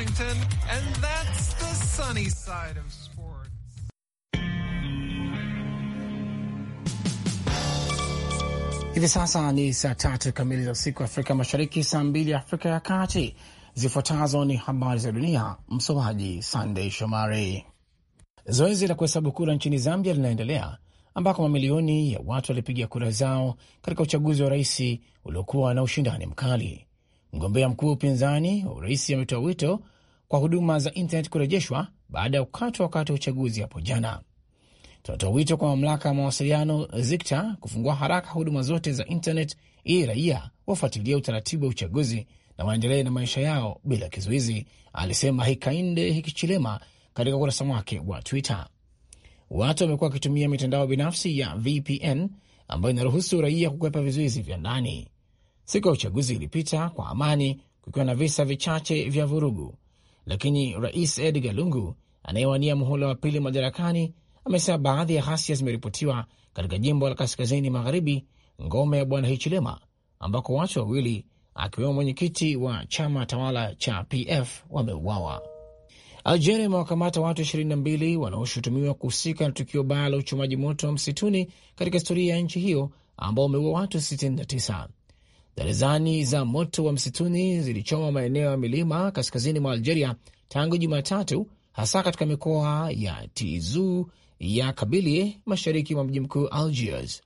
Washington, and that's the sunny side of sports. Hivi sasa ni saa tatu kamili za usiku Afrika Mashariki, saa mbili Afrika ya Kati. Zifuatazo ni habari za dunia, msomaji Sandey Shomari. Zoezi la kuhesabu kura nchini Zambia linaendelea ambako mamilioni ya watu walipiga kura zao katika uchaguzi wa rais uliokuwa na ushindani mkali. Mgombea mkuu wa upinzani wa urais ametoa wito kwa huduma za intnet kurejeshwa baada ya kukatwa wakati wa uchaguzi hapo jana. Tunatoa wito kwa mamlaka ya mawasiliano ZICTA kufungua haraka huduma zote za intnet ili raia wafuatilia utaratibu wa uchaguzi na waendelee na maisha yao bila kizuizi, alisema hikainde Hichilema katika ukurasa wake wa Twitter. Watu wamekuwa wakitumia mitandao binafsi ya VPN ambayo inaruhusu raia kukwepa vizuizi vya ndani. Siku ya uchaguzi ilipita kwa amani, kukiwa na visa vichache vya vurugu, lakini rais Edgar Lungu anayewania muhula wa pili madarakani amesema baadhi ya ghasia zimeripotiwa katika jimbo la kaskazini magharibi, ngome ya bwana Hichilema, ambako watu wawili akiwemo mwenyekiti wa chama tawala cha PF wameuawa. Algeria imewakamata watu 22 wanaoshutumiwa kuhusika na tukio baya la uchomaji moto wa msituni katika historia ya nchi hiyo ambao wameua watu 69. Darizani za moto wa msituni zilichoma maeneo ya milima kaskazini mwa Algeria tangu Jumatatu, hasa katika mikoa ya Tizu ya Kabilie, mashariki mwa mji mkuu Algiers.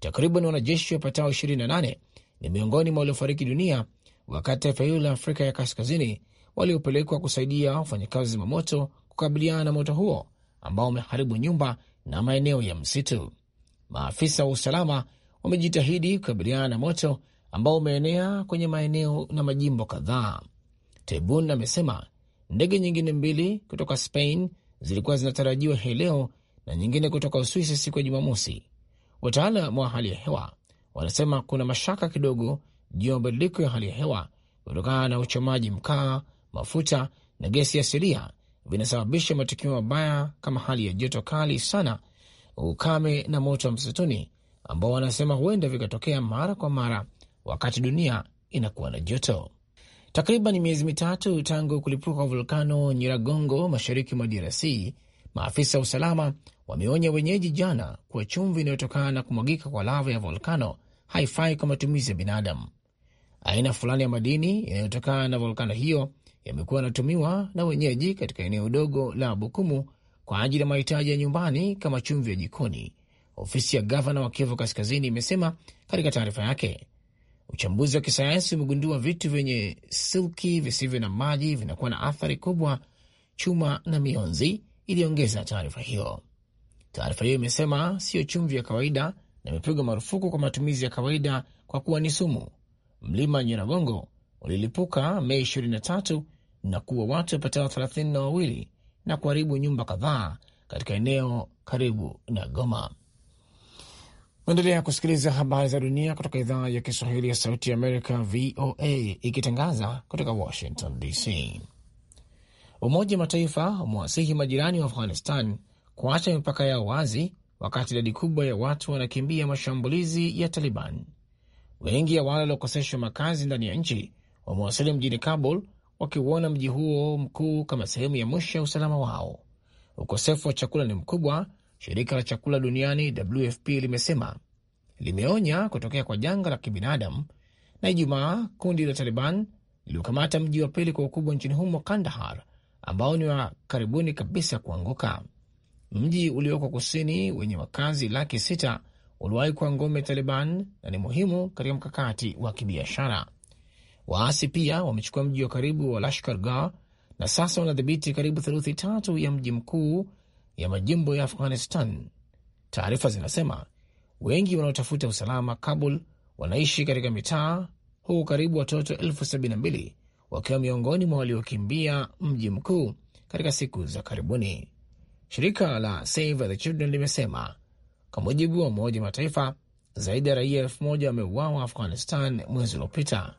Takriban wanajeshi wapatao 28 ni miongoni mwa waliofariki dunia wakati taifa hilo la Afrika ya kaskazini waliopelekwa kusaidia wafanyakazi wa moto kukabiliana na moto huo ambao umeharibu nyumba na maeneo ya msitu. Maafisa wa usalama wamejitahidi kukabiliana na moto ambao umeenea kwenye maeneo na majimbo kadhaa. Tebun amesema ndege nyingine mbili kutoka Spain zilikuwa zinatarajiwa hii leo na nyingine kutoka Uswisi siku ya Jumamosi. Wataalam wa hali ya hewa wanasema kuna mashaka kidogo juu ya mabadiliko ya hali ya hewa kutokana na uchomaji mkaa, mafuta na gesi asilia vinasababisha matukio mabaya kama hali ya joto kali sana, ukame na moto wa msituni ambao wanasema huenda vikatokea mara kwa mara wakati dunia inakuwa na joto. Takriban miezi mitatu tangu kulipuka kwa volkano Nyiragongo mashariki mwa DRC, maafisa wa usalama wameonya wenyeji jana kuwa chumvi inayotokana na kumwagika kwa lava ya volkano haifai kwa matumizi ya binadamu. Aina fulani ya madini yanayotokana na volkano hiyo yamekuwa yanatumiwa na wenyeji katika eneo dogo la Bukumu kwa ajili ya mahitaji ya nyumbani kama chumvi ya jikoni, ofisi ya gavana wa Kivu Kaskazini imesema katika taarifa yake. Uchambuzi wa kisayansi umegundua vitu vyenye silki visivyo na maji vinakuwa na athari kubwa chuma na mionzi, iliongeza taarifa hiyo. Taarifa hiyo imesema siyo chumvi ya kawaida na imepigwa marufuku kwa matumizi ya kawaida kwa kuwa ni sumu. Mlima Nyiragongo ulilipuka Mei 23 na kuwa watu wapatao thelathini na wawili na kuharibu nyumba kadhaa katika eneo karibu na Goma. Unaendelea kusikiliza habari za dunia kutoka idhaa ya Kiswahili ya Sauti ya Amerika, VOA, ikitangaza kutoka Washington DC. Umoja wa Mataifa umewasihi majirani wa Afghanistan kuacha mipaka yao wazi, wakati idadi kubwa ya watu wanakimbia mashambulizi ya Taliban. Wengi ya wale waliokoseshwa makazi ndani ya nchi wamewasili mjini Kabul, wakiuona mji huo mkuu kama sehemu ya mwisho ya usalama wao. Ukosefu wa chakula ni mkubwa Shirika la chakula duniani WFP limesema limeonya kutokea kwa janga la kibinadamu. Na Ijumaa kundi la Taliban liliokamata mji wa pili kwa ukubwa nchini humo, Kandahar, ambao ni wa karibuni kabisa kuanguka. Mji ulioko kusini wenye wakazi laki sita uliwahi kuwa ngome Taliban na ni muhimu katika mkakati wa kibiashara. Waasi pia wamechukua mji wa karibu wa Lashkar Gah na sasa wanadhibiti karibu theluthi tatu ya mji mkuu ya majimbo ya Afghanistan. Taarifa zinasema wengi wanaotafuta usalama Kabul wanaishi katika mitaa, huku karibu watoto elfu sabini na mbili wakiwa miongoni mwa waliokimbia mji mkuu katika siku za karibuni. Shirika la Save the Children limesema kwa mujibu wa Umoja wa Mataifa, zaidi ya raia elfu moja wameuawa Afghanistan mwezi uliopita.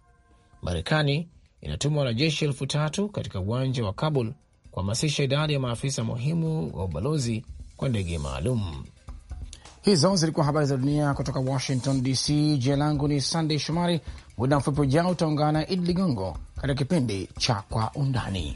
Marekani inatuma wanajeshi elfu tatu katika uwanja wa Kabul kuhamasisha idadi ya maafisa muhimu wa ubalozi kwa ndege maalum. Hizo zilikuwa habari za dunia kutoka Washington DC. Jina langu ni Sandey Shomari. Muda mfupi ujao utaungana Idi Ligongo katika kipindi cha Kwa Undani.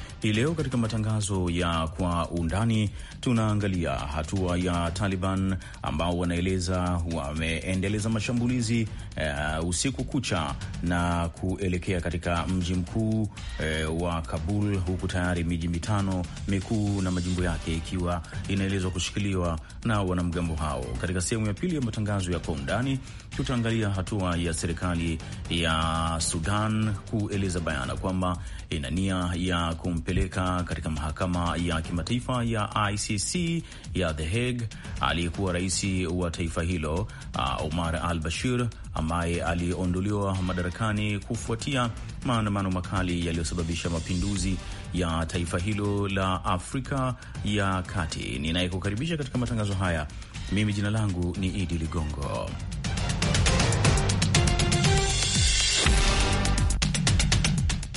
Hii leo katika matangazo ya kwa undani tunaangalia hatua ya Taliban ambao wanaeleza wameendeleza mashambulizi uh, usiku kucha na kuelekea katika mji mkuu uh, wa Kabul, huku tayari miji mitano mikuu na majimbo yake ikiwa inaelezwa kushikiliwa na wanamgambo hao. Katika sehemu ya pili ya matangazo ya kwa undani tutaangalia hatua ya serikali ya Sudan kueleza bayana kwamba ina nia ya kumpe kumpeleka katika mahakama ya kimataifa ya ICC ya The Hague aliyekuwa rais wa taifa hilo uh, Omar al Bashir ambaye aliondoliwa madarakani kufuatia maandamano makali yaliyosababisha mapinduzi ya taifa hilo la Afrika ya Kati. Ninayekukaribisha katika matangazo haya mimi, jina langu ni Idi Ligongo.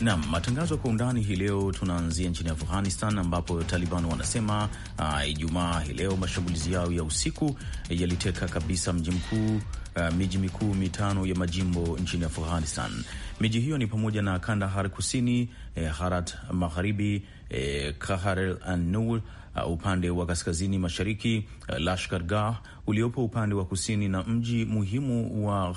Nam matangazo kwa undani hii leo, tunaanzia nchini Afghanistan ambapo Taliban wanasema uh, Ijumaa hii leo mashambulizi yao ya usiku yaliteka kabisa mji mkuu uh, miji mikuu mitano ya majimbo nchini Afghanistan. Miji hiyo ni pamoja na Kandahar Kusini, eh, Harat Magharibi, eh, Kaharel Anur Uh, upande wa kaskazini mashariki uh, Lashkar Gah uliopo upande wa kusini na mji muhimu wa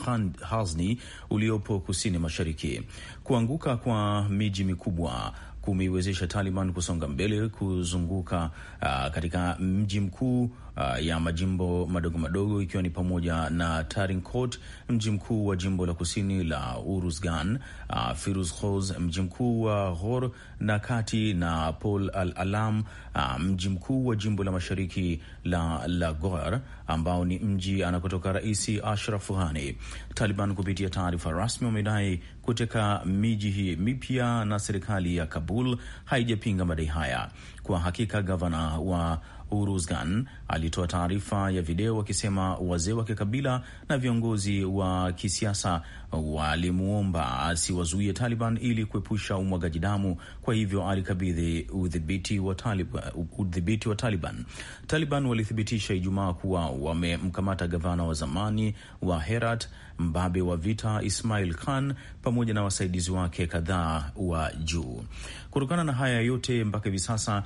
hazni uliopo kusini mashariki. Kuanguka kwa miji mikubwa kumeiwezesha Taliban kusonga mbele kuzunguka uh, katika mji mkuu uh, ya majimbo madogo madogo ikiwa ni pamoja na Tarinkot, mji mkuu wa jimbo la kusini la Uruzgan, uh, Firuzkhoz, mji mkuu wa Ghor na kati, na Pol Al Alam, uh, mji mkuu wa jimbo la mashariki la Lagor, ambao ni mji anakotoka Rais Ashraf Ghani. Taliban kupitia taarifa rasmi wamedai kuteka miji hii mipya na serikali ya Kabul haijapinga madai haya. Kwa hakika gavana wa Uruzgan alitoa taarifa ya video akisema wazee wa kikabila na viongozi wa kisiasa walimwomba asiwazuie Taliban ili kuepusha umwagaji damu, kwa hivyo alikabidhi udhibiti wa, udhibiti wa Taliban. Taliban walithibitisha Ijumaa kuwa wamemkamata gavana wa zamani wa Herat mbabe wa vita Ismail Khan pamoja na wasaidizi wake kadhaa wa juu. Kutokana na haya yote, mpaka hivi sasa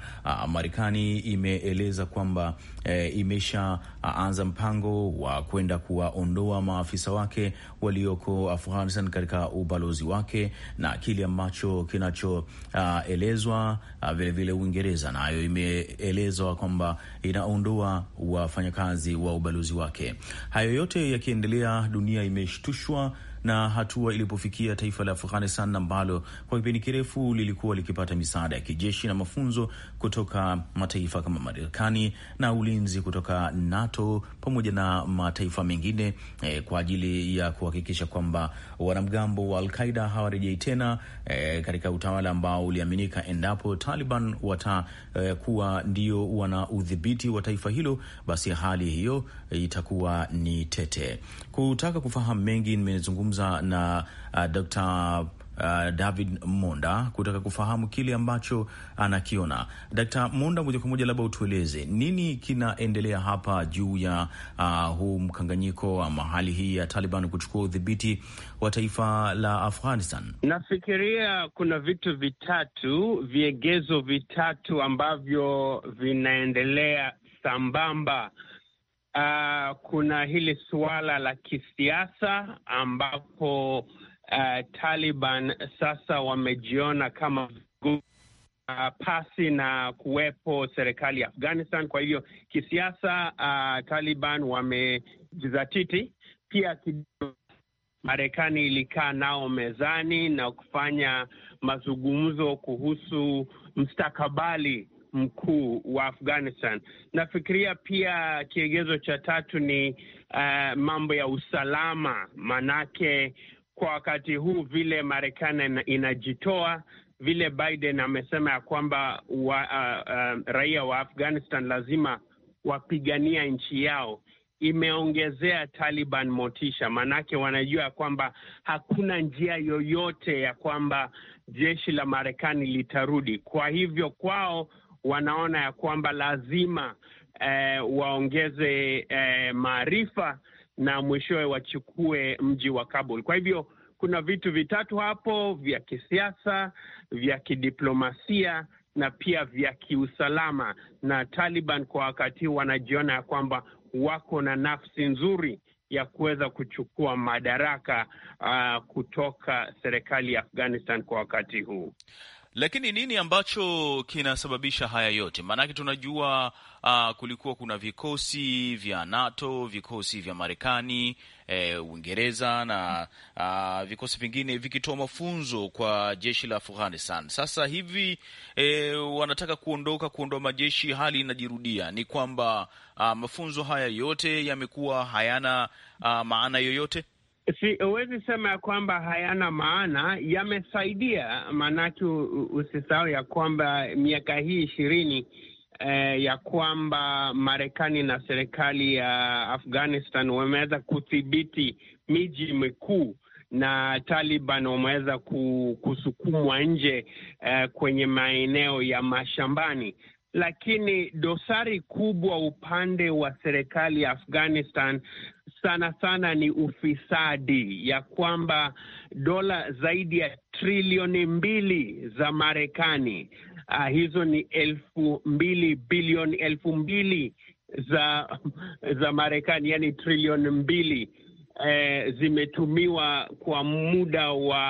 Marekani imeeleza kwamba e, imeshaanza mpango wa kwenda kuwaondoa maafisa wake walioko Afghanistan katika ubalozi wake na kile ambacho kinachoelezwa vilevile, Uingereza nayo imeelezwa kwamba inaondoa wafanyakazi wa ubalozi wake. Hayo yote yakiendelea, dunia ime touche na hatua ilipofikia taifa la Afghanistan ambalo kwa kipindi kirefu lilikuwa likipata misaada ya kijeshi na mafunzo kutoka mataifa kama Marekani na ulinzi kutoka NATO pamoja na mataifa mengine eh, kwa ajili ya kuhakikisha kwamba wanamgambo wa Alqaida hawarejei tena eh, katika utawala ambao uliaminika endapo Taliban watakuwa eh, ndio wana udhibiti wa taifa hilo, basi hali hiyo eh, itakuwa ni tete. Kutaka kufahamu mengi nimezungumza kuzungumza na uh, Dr. Uh, David Monda kutaka kufahamu kile ambacho anakiona. d Monda, moja kwa moja, labda utueleze nini kinaendelea hapa juu ya uh, huu mkanganyiko ama hali hii ya Taliban kuchukua udhibiti wa taifa la Afghanistan. Nafikiria kuna vitu vitatu, viegezo vitatu ambavyo vinaendelea sambamba uh, kuna hili suala la kisiasa ambapo uh, Taliban sasa wamejiona kama uh, pasi na kuwepo serikali ya Afghanistan. Kwa hivyo kisiasa, uh, Taliban wamejizatiti pia Marekani ilikaa nao mezani na kufanya mazungumzo kuhusu mstakabali mkuu wa Afghanistan. Nafikiria pia kigezo cha tatu ni uh, mambo ya usalama, manake kwa wakati huu vile Marekani inajitoa vile Biden amesema ya kwamba wa, uh, uh, raia wa Afghanistan lazima wapigania nchi yao, imeongezea Taliban motisha, maanake wanajua ya kwamba hakuna njia yoyote ya kwamba jeshi la Marekani litarudi. Kwa hivyo kwao wanaona ya kwamba lazima eh, waongeze eh, maarifa na mwishowe wachukue mji wa Kabul. Kwa hivyo kuna vitu vitatu hapo vya kisiasa, vya kidiplomasia na pia vya kiusalama, na Taliban kwa wakati huu wanajiona ya kwamba wako na nafsi nzuri ya kuweza kuchukua madaraka uh, kutoka serikali ya Afghanistan kwa wakati huu. Lakini nini ambacho kinasababisha haya yote? Maanake tunajua uh, kulikuwa kuna vikosi vya NATO, vikosi vya Marekani, eh, Uingereza na uh, vikosi vingine vikitoa mafunzo kwa jeshi la Afghanistan. Sasa hivi eh, wanataka kuondoka, kuondoa majeshi. Hali inajirudia ni kwamba uh, mafunzo haya yote yamekuwa hayana uh, maana yoyote siwezi sema ya kwamba hayana maana, yamesaidia. Maanake usisahau ya kwamba miaka hii ishirini eh, ya kwamba Marekani na serikali ya Afghanistan wameweza kudhibiti miji mikuu na Taliban wameweza kusukumwa nje eh, kwenye maeneo ya mashambani, lakini dosari kubwa upande wa serikali ya Afghanistan sana sana ni ufisadi, ya kwamba dola zaidi ya trilioni mbili za Marekani uh, hizo ni elfu mbili bilioni elfu mbili za za Marekani, yani trilioni mbili eh, zimetumiwa kwa muda wa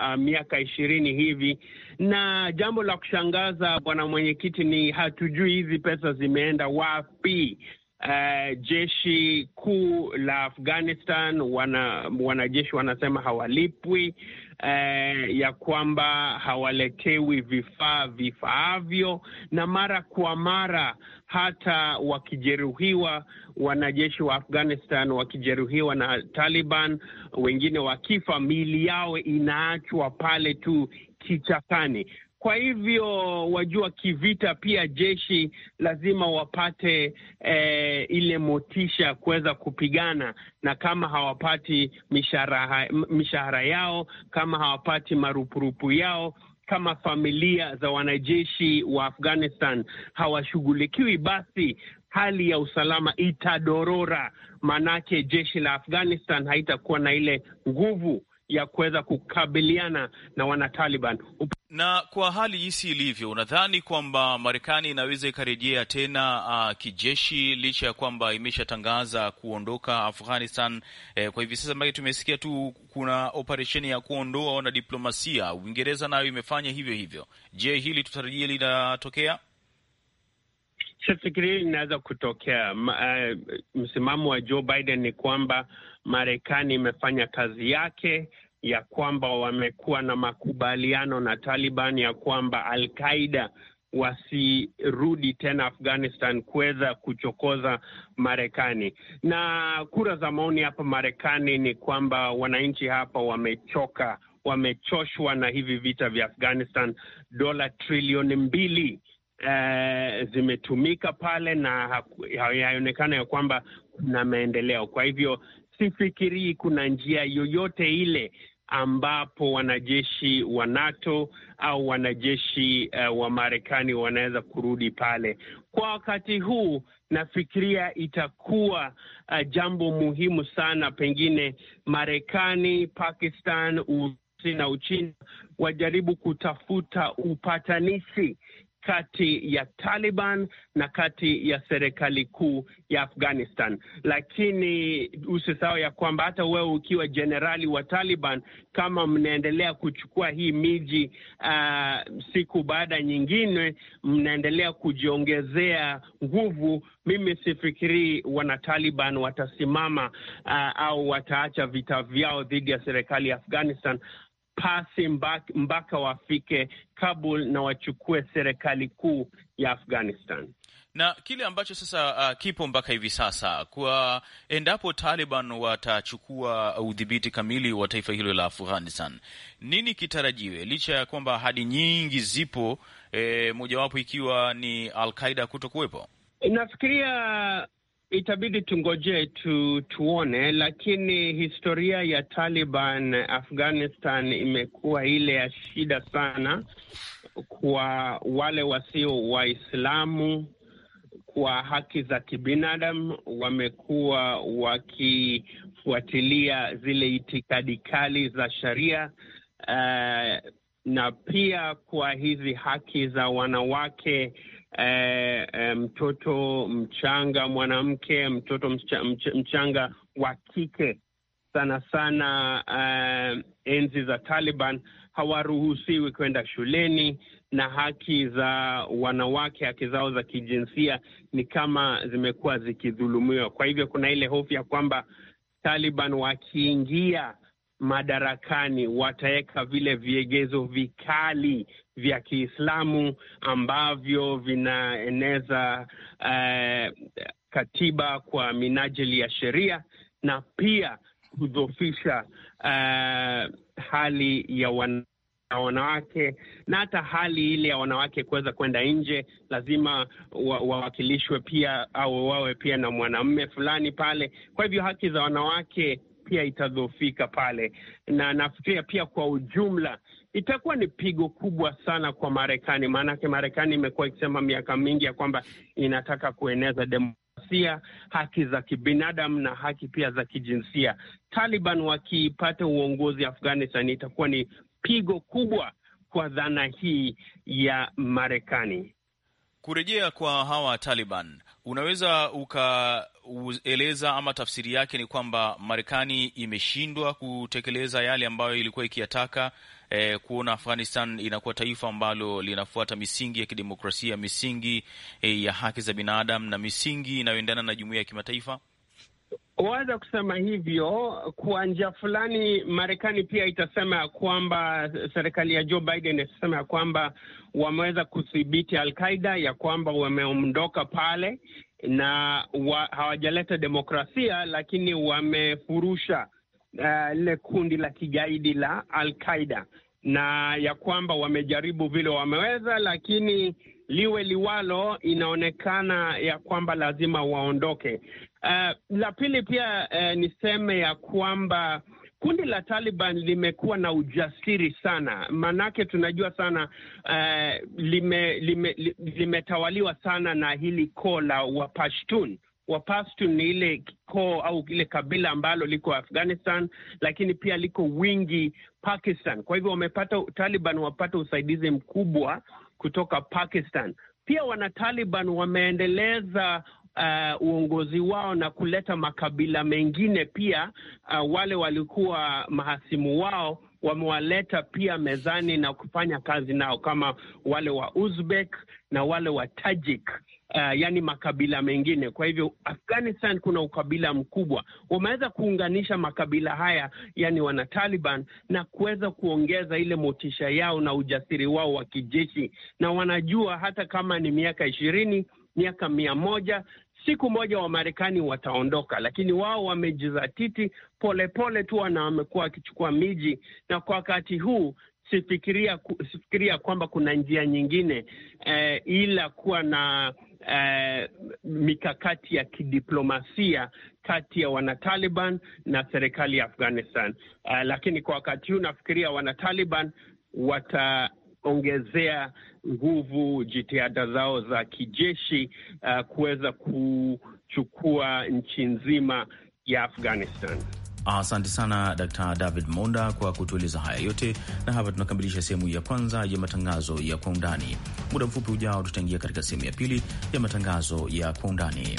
uh, miaka ishirini hivi. Na jambo la kushangaza, bwana mwenyekiti, ni hatujui hizi pesa zimeenda wapi uh, jeshi kuu la Afghanistan, wanajeshi wana wanasema hawalipwi uh, ya kwamba hawaletewi vifaa vifaavyo, na mara kwa mara hata wakijeruhiwa wanajeshi wa Afghanistan wakijeruhiwa na Taliban, wengine wakifa, miili yao inaachwa pale tu kichakani. Kwa hivyo wajua, kivita pia jeshi lazima wapate eh, ile motisha ya kuweza kupigana, na kama hawapati mishahara, mishahara yao, kama hawapati marupurupu yao kama familia za wanajeshi wa Afghanistan hawashughulikiwi, basi hali ya usalama itadorora, maanake jeshi la Afghanistan haitakuwa na ile nguvu ya kuweza kukabiliana na wanataliban. Na kwa hali jinsi ilivyo, unadhani kwamba Marekani inaweza ikarejea tena uh, kijeshi licha ya kwamba imeshatangaza kuondoka Afghanistan eh, kwa hivi sasa? Mbake tumesikia tu kuna operesheni ya kuondoa wanadiplomasia, Uingereza nayo imefanya hivyo hivyo. Je, hili tutarajia linatokea? Sifikiri linaweza kutokea. E, msimamo wa Joe Biden ni kwamba Marekani imefanya kazi yake ya kwamba wamekuwa na makubaliano na Taliban ya kwamba Al-Qaida wasirudi tena Afghanistan kuweza kuchokoza Marekani. Na kura za maoni hapa Marekani ni kwamba wananchi hapa wamechoka, wamechoshwa na hivi vita vya Afghanistan. Dola trilioni mbili Uh, zimetumika pale na haionekana ya kwamba kuna maendeleo. Kwa hivyo sifikirii kuna njia yoyote ile ambapo wanajeshi wa NATO au wanajeshi uh, wa Marekani wanaweza kurudi pale. Kwa wakati huu nafikiria itakuwa uh, jambo muhimu sana, pengine Marekani, Pakistan, Urusi na Uchina wajaribu kutafuta upatanishi kati ya Taliban na kati ya serikali kuu ya Afghanistan. Lakini usisahau ya kwamba hata wewe ukiwa jenerali wa Taliban, kama mnaendelea kuchukua hii miji uh, siku baada nyingine, mnaendelea kujiongezea nguvu, mimi sifikirii wana Taliban watasimama uh, au wataacha vita vyao dhidi ya serikali ya Afghanistan pasi mpaka wafike Kabul na wachukue serikali kuu ya Afghanistan na kile ambacho sasa uh, kipo mpaka hivi sasa, kwa endapo Taliban watachukua udhibiti kamili wa taifa hilo la Afghanistan, nini kitarajiwe? Licha ya kwamba ahadi nyingi zipo, e, mojawapo ikiwa ni Al Qaida kuto kuwepo. Nafikiria Itabidi tungoje tu, tuone, lakini historia ya Taliban Afghanistan imekuwa ile ya shida sana kwa wale wasio Waislamu, kwa haki za kibinadamu, wamekuwa wakifuatilia zile itikadi kali za sharia uh, na pia kwa hizi haki za wanawake e, e, mtoto mchanga mwanamke, mtoto mcha, mcha, mchanga wa kike sana sana uh, enzi za Taliban hawaruhusiwi kwenda shuleni, na haki za wanawake, haki zao za kijinsia ni kama zimekuwa zikidhulumiwa. Kwa hivyo kuna ile hofu ya kwamba Taliban wakiingia madarakani wataweka vile viegezo vikali vya Kiislamu ambavyo vinaeneza uh, katiba kwa minajili ya sheria na pia kudhofisha uh, eh, hali ya wan wanawake na hata hali ile ya wanawake kuweza kwenda nje, lazima wawakilishwe wa pia au wawe pia na mwanamume fulani pale. Kwa hivyo haki za wanawake pia itadhofika pale, na nafikiria pia kwa ujumla itakuwa ni pigo kubwa sana kwa Marekani. Maanake Marekani imekuwa ikisema miaka mingi ya kwamba inataka kueneza demokrasia, haki za kibinadamu na haki pia za kijinsia. Taliban wakipata uongozi Afghanistan, itakuwa ni pigo kubwa kwa dhana hii ya Marekani. Kurejea kwa hawa Taliban, unaweza ukaeleza ama tafsiri yake ni kwamba Marekani imeshindwa kutekeleza yale ambayo ilikuwa ikiyataka eh, kuona Afghanistan inakuwa taifa ambalo linafuata misingi ya kidemokrasia, misingi eh, ya haki za binadamu na misingi inayoendana na jumuiya ya kimataifa? Waweza kusema hivyo. Kwa njia fulani, Marekani pia itasema ya kwamba serikali ya Joe Biden itasema ya kwamba wameweza kudhibiti Al-Qaida, ya kwamba wameondoka pale na wa, hawajaleta demokrasia, lakini wamefurusha Eh, lile uh, kundi la kigaidi la Al-Qaida na ya kwamba wamejaribu vile wameweza, lakini liwe liwalo, inaonekana ya kwamba lazima waondoke. Uh, la pili pia uh, niseme ya kwamba kundi la Taliban limekuwa na ujasiri sana, maanake tunajua sana uh, limetawaliwa lime, lime sana na hili koo la Wapashtun Wapashtun ni ile koo au ile kabila ambalo liko Afghanistan, lakini pia liko wingi Pakistan. Kwa hivyo wamepata, Taliban wapata usaidizi mkubwa kutoka Pakistan. Pia wana Taliban wameendeleza Uh, uongozi wao na kuleta makabila mengine pia, uh, wale walikuwa mahasimu wao wamewaleta pia mezani na kufanya kazi nao kama wale wa Uzbek na wale wa Tajik uh, yani makabila mengine. Kwa hivyo Afghanistan kuna ukabila mkubwa, wameweza kuunganisha makabila haya, yani wana Taliban, na kuweza kuongeza ile motisha yao na ujasiri wao wa kijeshi, na wanajua hata kama ni miaka ishirini, miaka mia moja siku moja Wamarekani wataondoka, lakini wao wamejizatiti polepole tu, na wamekuwa wakichukua miji, na kwa wakati huu sifikiria, sifikiria kwamba kuna njia nyingine eh, ila kuwa na uh, mikakati ya kidiplomasia kati ya wanataliban na serikali ya Afghanistan. Uh, lakini kwa wakati huu nafikiria wanataliban wataongezea nguvu jitihada zao za kijeshi uh, kuweza kuchukua nchi nzima ya Afghanistan. Asante sana d David Monda kwa kutueleza haya yote, na hapa tunakamilisha sehemu ya kwanza ya matangazo ya kwa undani. Muda mfupi ujao, tutaingia katika sehemu ya pili ya matangazo ya kwa undani.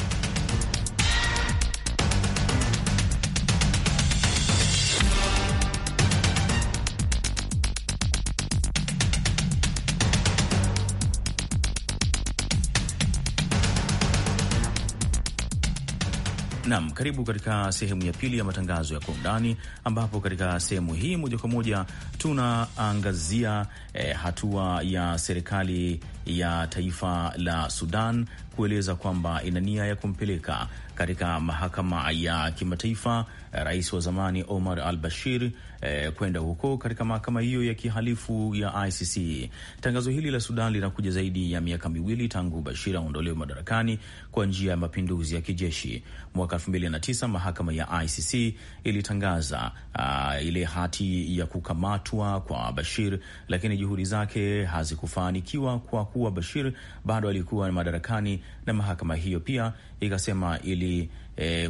Nam, karibu katika sehemu ya pili ya matangazo ya kwa undani, ambapo katika sehemu hii moja kwa moja tunaangazia eh, hatua ya serikali ya taifa la Sudan kueleza kwamba ina nia ya kumpeleka katika mahakama ya kimataifa eh, rais wa zamani Omar al Bashir eh, kwenda huko katika mahakama hiyo ya kihalifu ya ICC. Tangazo hili la Sudan linakuja zaidi ya miaka miwili tangu Bashir aondolewe madarakani kwa njia ya mapinduzi ya kijeshi. Mwaka 2009 mahakama ya ICC ilitangaza uh, ile hati ya kukamatwa kwa Bashir, lakini juhudi zake hazikufanikiwa kwa kuwa Bashir bado alikuwa madarakani na mahakama hiyo pia ikasema ili e,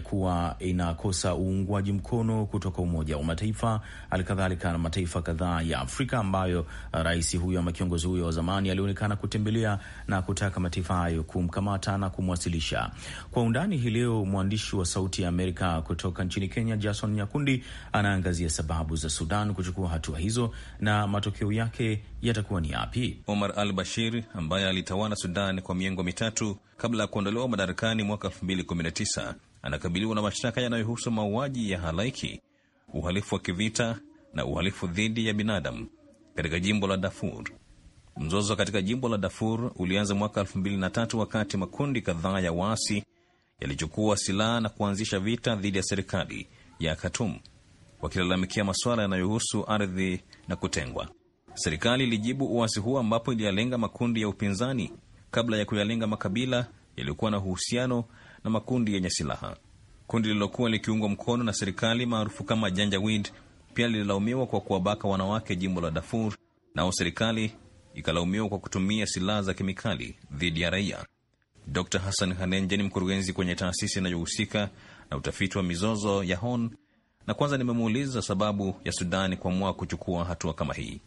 inakosa uungwaji mkono kutoka Umoja wa Mataifa, halikadhalika na mataifa kadhaa ya Afrika ambayo rais huyo ama kiongozi huyo wa zamani alionekana kutembelea na kutaka mataifa hayo kumkamata na kumwasilisha kwa undani. Hii leo mwandishi wa Sauti ya Amerika kutoka nchini Kenya, Jason Nyakundi, anaangazia sababu za Sudan kuchukua hatua hizo na matokeo yake yatakuwa ni yapi? Omar al Bashir ambaye alitawala Sudan kwa miongo mitatu kabla ya kuondolewa madarakani mwaka 2019 anakabiliwa na mashtaka yanayohusu mauaji ya halaiki, uhalifu wa kivita na uhalifu dhidi ya binadamu katika jimbo la Darfur. Mzozo katika jimbo la Darfur ulianza mwaka 2003 wakati makundi kadhaa ya waasi yalichukua silaha na kuanzisha vita dhidi ya serikali ya Khartoum wakilalamikia masuala yanayohusu ardhi na kutengwa. Serikali ilijibu uasi huo ambapo iliyalenga makundi ya upinzani kabla ya kuyalenga makabila yaliyokuwa na uhusiano na makundi yenye silaha. Kundi lililokuwa likiungwa mkono na serikali maarufu kama Janjaweed pia lililaumiwa kwa kuwabaka wanawake jimbo la Darfur, nao serikali ikalaumiwa kwa kutumia silaha za kemikali dhidi ya raia. Dr Hassan Hanenje ni mkurugenzi kwenye taasisi inayohusika na, utafiti wa mizozo ya Horn, na kwanza nimemuuliza sababu ya Sudani kuamua kuchukua hatua kama hii.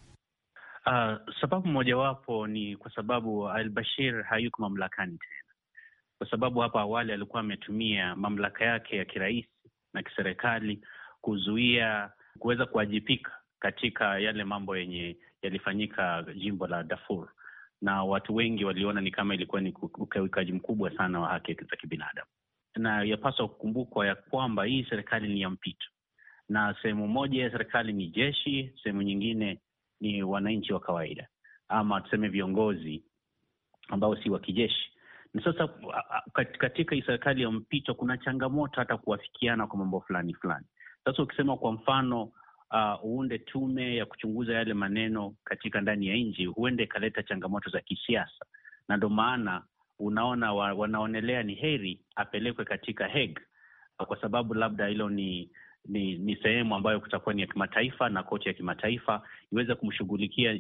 Uh, sababu mojawapo ni kwa sababu Al Bashir hayuko mamlakani tena kwa sababu hapo awali alikuwa ametumia mamlaka yake ya kirais na kiserikali kuzuia kuweza kuwajipika katika yale mambo yenye yalifanyika jimbo la Darfur, na watu wengi waliona ni kama ilikuwa ni ukiukaji mkubwa sana wa haki za kibinadamu, na yapaswa kukumbukwa ya kwamba hii serikali ni ya mpito, na sehemu moja ya serikali ni jeshi, sehemu nyingine ni wananchi wa kawaida ama tuseme viongozi ambao si wa kijeshi sasa katika hii serikali ya mpito kuna changamoto hata kuwafikiana kwa mambo fulani fulani. Sasa ukisema kwa mfano uh, uunde tume ya kuchunguza yale maneno katika ndani ya nchi, huenda ikaleta changamoto za kisiasa, na ndo maana unaona wa, wanaonelea ni heri apelekwe katika Heg kwa sababu labda hilo ni ni, ni sehemu ambayo kutakuwa ni ya kimataifa na koti ya kimataifa iweze kumshughulikia,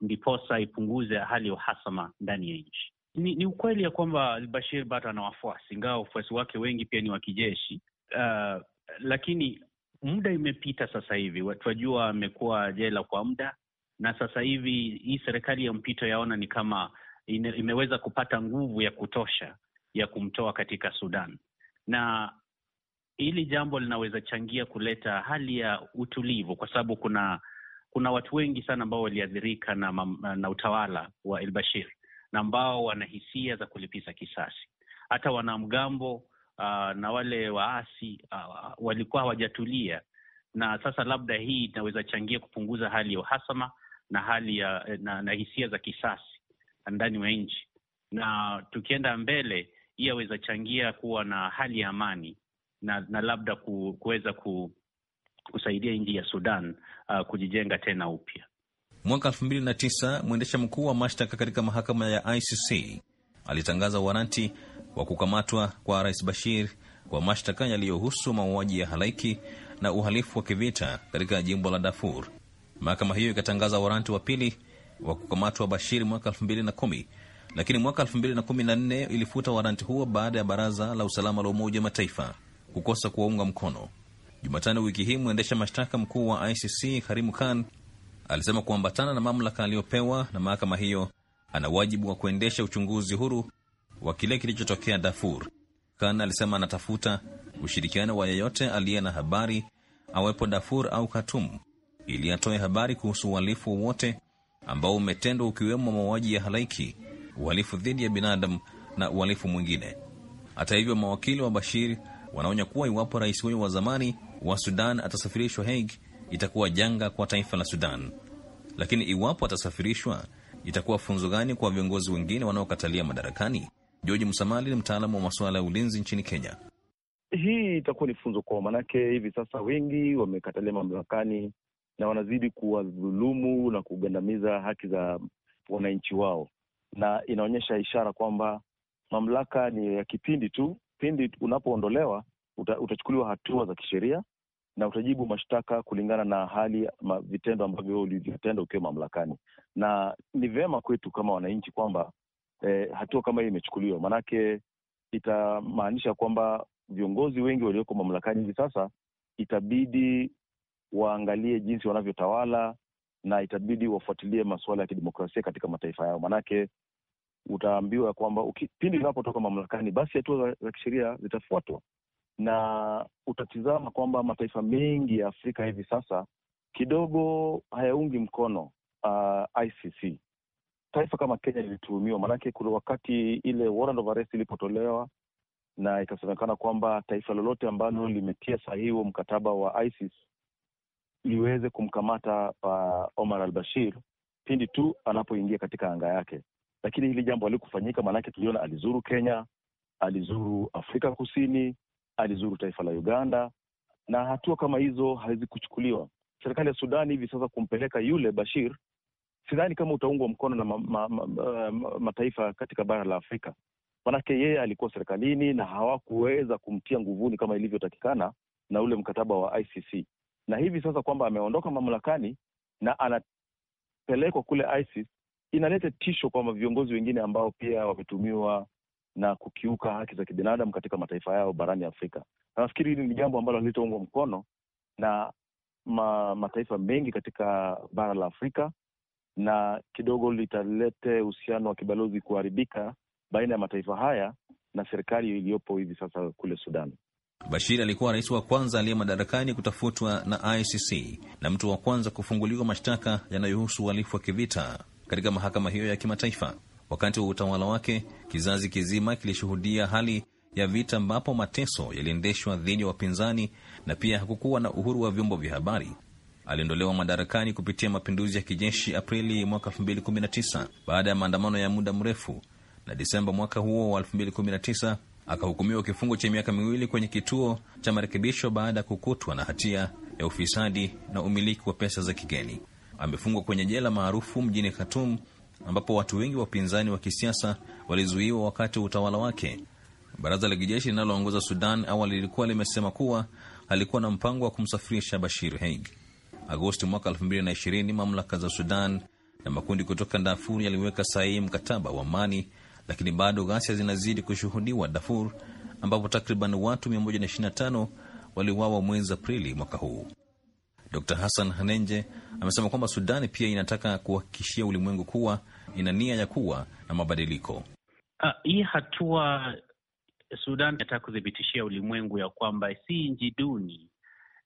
ndiposa ipunguze hali ya uhasama ndani ya nchi. Ni, ni ukweli ya kwamba Bashir bado ana wafuasi, ingawa wafuasi wake wengi pia ni wa kijeshi uh, lakini muda imepita sasa hivi, twajua amekuwa jela kwa muda, na sasa hivi hii serikali ya mpito yaona ni kama imeweza kupata nguvu ya kutosha ya kumtoa katika Sudan, na hili jambo linaweza changia kuleta hali ya utulivu, kwa sababu kuna kuna watu wengi sana ambao waliathirika na, na utawala wa El Bashir na ambao wana hisia za kulipiza kisasi. Hata wanamgambo uh, na wale waasi uh, walikuwa hawajatulia, na sasa labda hii inaweza changia kupunguza hali ya uhasama na hali ya na, na hisia za kisasi ndani ya nchi, na tukienda mbele hii yaweza changia kuwa na hali ya amani na, na labda kuweza ku, kusaidia nchi ya Sudan uh, kujijenga tena upya. Mwaka 2009 mwendesha mkuu wa mashtaka katika mahakama ya ICC alitangaza waranti wa kukamatwa kwa Rais Bashir kwa mashtaka yaliyohusu mauaji ya halaiki na uhalifu wa kivita katika jimbo la Darfur. Mahakama hiyo ikatangaza waranti wa pili wa kukamatwa Bashir mwaka 2010, lakini mwaka 2014 ilifuta waranti huo baada ya Baraza la Usalama la Umoja wa Mataifa kukosa kuwaunga mkono. Jumatano wiki hii mwendesha mashtaka mkuu wa ICC Karim Khan alisema kuambatana na mamlaka aliyopewa na mahakama hiyo, ana wajibu wa kuendesha uchunguzi huru wa kile kilichotokea Darfur. Khan alisema anatafuta ushirikiano wa yeyote aliye na habari awepo Darfur au Khartoum ili atoe habari kuhusu uhalifu wowote ambao umetendwa ukiwemo mauaji ya halaiki, uhalifu dhidi ya binadamu na uhalifu mwingine. Hata hivyo, mawakili wa Bashir wanaonya kuwa iwapo rais huyo wa zamani wa Sudan atasafirishwa Hague, itakuwa janga kwa taifa la Sudan. Lakini iwapo atasafirishwa, itakuwa funzo gani kwa viongozi wengine wanaokatalia madarakani? George Msamali ni mtaalamu wa masuala ya ulinzi nchini Kenya. Hii itakuwa ni funzo kwao, maanake hivi sasa wengi wamekatalia mamlakani na wanazidi kuwadhulumu na kugandamiza haki za wananchi wao, na inaonyesha ishara kwamba mamlaka ni ya kipindi tu. Pindi unapoondolewa uta, utachukuliwa hatua za kisheria na utajibu mashtaka kulingana na hali ma vitendo ambavyo ulivyotenda ukiwa mamlakani, na ni vyema kwetu kama wananchi kwamba eh, hatua kama hii imechukuliwa, maanake itamaanisha kwamba viongozi wengi walioko mamlakani hivi sasa itabidi waangalie jinsi wanavyotawala na itabidi wafuatilie masuala ya kidemokrasia katika mataifa yao, maanake utaambiwa kwamba pindi unapotoka mamlakani, basi hatua za kisheria zitafuatwa na utatizama kwamba mataifa mengi ya Afrika hivi sasa kidogo hayaungi mkono uh, ICC. Taifa kama Kenya lilituhumiwa, maanake kuna wakati ile warrant of arrest ilipotolewa na ikasemekana kwamba taifa lolote ambalo limetia sahihi huo mkataba wa ISIS liweze kumkamata uh, Omar al Bashir pindi tu anapoingia katika anga yake, lakini hili jambo halikufanyika, maanake tuliona alizuru Kenya, alizuru Afrika Kusini alizuru taifa la Uganda, na hatua kama hizo hazikuchukuliwa. Serikali ya Sudani hivi sasa kumpeleka yule Bashir, sidhani kama utaungwa mkono na ma, ma, ma, ma, mataifa katika bara la Afrika, manake yeye alikuwa serikalini na hawakuweza kumtia nguvuni kama ilivyotakikana na ule mkataba wa ICC, na hivi sasa kwamba ameondoka mamlakani na anapelekwa kule ISIS inaleta tisho kwa viongozi wengine ambao pia wametumiwa na kukiuka haki za kibinadamu katika mataifa yao barani Afrika. nafikiri hili ni jambo ambalo halitaungwa mkono na ma, mataifa mengi katika bara la Afrika na kidogo litalete uhusiano wa kibalozi kuharibika baina ya mataifa haya na serikali iliyopo hivi sasa kule Sudan. Bashir alikuwa rais wa kwanza aliye madarakani kutafutwa na ICC na mtu wa kwanza kufunguliwa mashtaka yanayohusu uhalifu wa kivita katika mahakama hiyo ya kimataifa. Wakati wa utawala wake, kizazi kizima kilishuhudia hali ya vita ambapo mateso yaliendeshwa dhidi ya wapinzani na pia hakukuwa na uhuru wa vyombo vya habari. Aliondolewa madarakani kupitia mapinduzi ya kijeshi Aprili mwaka 2019 baada ya maandamano ya muda mrefu, na Disemba mwaka huo wa 2019 akahukumiwa kifungo cha miaka miwili kwenye kituo cha marekebisho baada ya kukutwa na hatia ya ufisadi na umiliki wa pesa za kigeni. Amefungwa kwenye jela maarufu mjini Khartoum ambapo watu wengi wapinzani wa kisiasa walizuiwa wakati wa utawala wake. Baraza la kijeshi linaloongoza Sudan awali lilikuwa limesema kuwa alikuwa na mpango wa kumsafirisha Bashir Haig. Agosti mwaka 2020 mamlaka za Sudan na makundi kutoka Darfur yaliweka sahihi mkataba wa amani, lakini bado ghasia zinazidi kushuhudiwa Darfur, ambapo takriban watu 125 waliuawa mwezi Aprili mwaka huu. Dr Hassan Hanenje amesema kwamba Sudani pia inataka kuhakikishia ulimwengu kuwa ina nia ya kuwa na mabadiliko. Uh, hii hatua Sudan inataka kuthibitishia ulimwengu ya kwamba si nchi duni,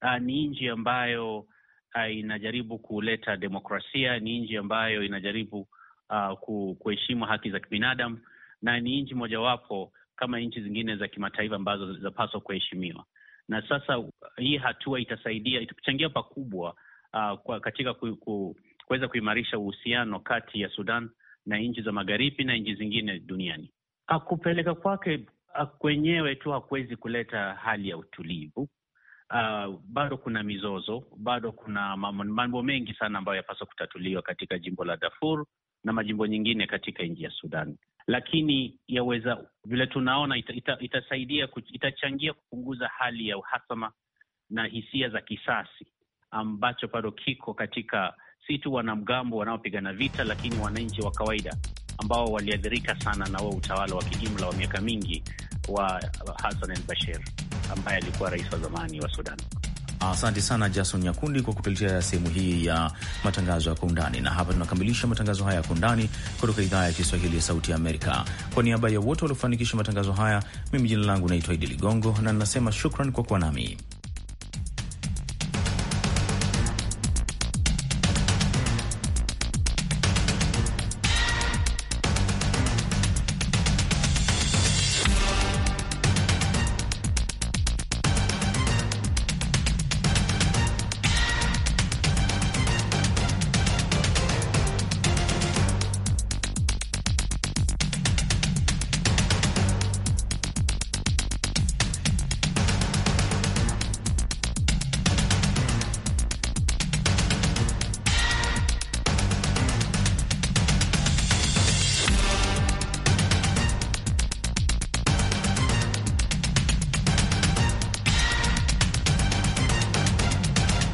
uh, ni nchi ambayo uh, inajaribu kuleta demokrasia, ni nchi ambayo inajaribu uh, kuheshimu haki za kibinadamu na ni nchi mojawapo kama nchi zingine za kimataifa ambazo zinapaswa kuheshimiwa. Na sasa hii hatua itasaidia, itachangia pakubwa uh, katika ku, ku, kuweza kuimarisha uhusiano kati ya Sudan na nchi za magharibi na nchi zingine duniani. Kupeleka kwake kwenyewe tu hakuwezi kuleta hali ya utulivu. Uh, bado kuna mizozo, bado kuna mambo mengi sana ambayo yapaswa kutatuliwa katika jimbo la Darfur na majimbo nyingine katika nchi ya Sudan, lakini yaweza vile tunaona ita, ita, itasaidia itachangia kupunguza hali ya uhasama na hisia za kisasi ambacho bado kiko katika si tu wanamgambo wanaopigana vita, lakini wananchi wa kawaida ambao waliathirika sana na wao utawala wa kijumla wa miaka mingi wa Hassan al-Bashir ambaye alikuwa rais wa zamani wa Sudan. Asante sana Jason Nyakundi kwa kutuletea sehemu hii ya matangazo ya kwa undani, na hapa tunakamilisha matangazo haya ya kwa undani kutoka idhaa ya Kiswahili ya Sauti ya Amerika. Kwa niaba ya wote waliofanikisha matangazo haya, mimi jina langu naitwa Idi Ligongo na ninasema shukran kwa kuwa nami.